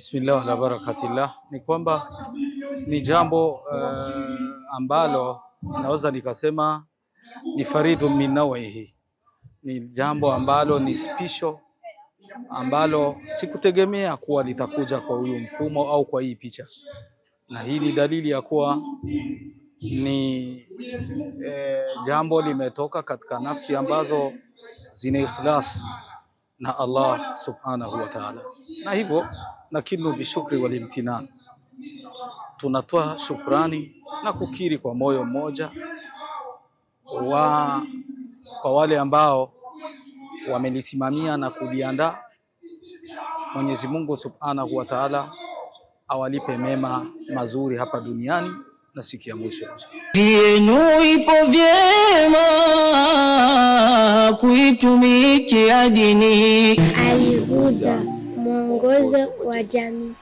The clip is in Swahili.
Bismillah wa barakatillah, ni kwamba ni jambo uh, ambalo naweza nikasema ni faridu min nawihi, ni jambo ambalo ni spisho ambalo sikutegemea kuwa litakuja kwa huyu mfumo au kwa hii picha, na hii ni dalili ya kuwa ni eh, jambo limetoka katika nafsi ambazo zina ikhlas na Allah subhanahu wa ta'ala, na hivyo nakinu bishukri walimtinan, tunatoa shukrani na kukiri kwa moyo mmoja wa kwa wale ambao wamelisimamia na kuliandaa. Mwenyezi Mungu subhanahu wa ta'ala awalipe mema mazuri hapa duniani na siku ya mwisho. Yenu ipo vye kuitumikia dini. Alihuda huda mwongozo wa jamii.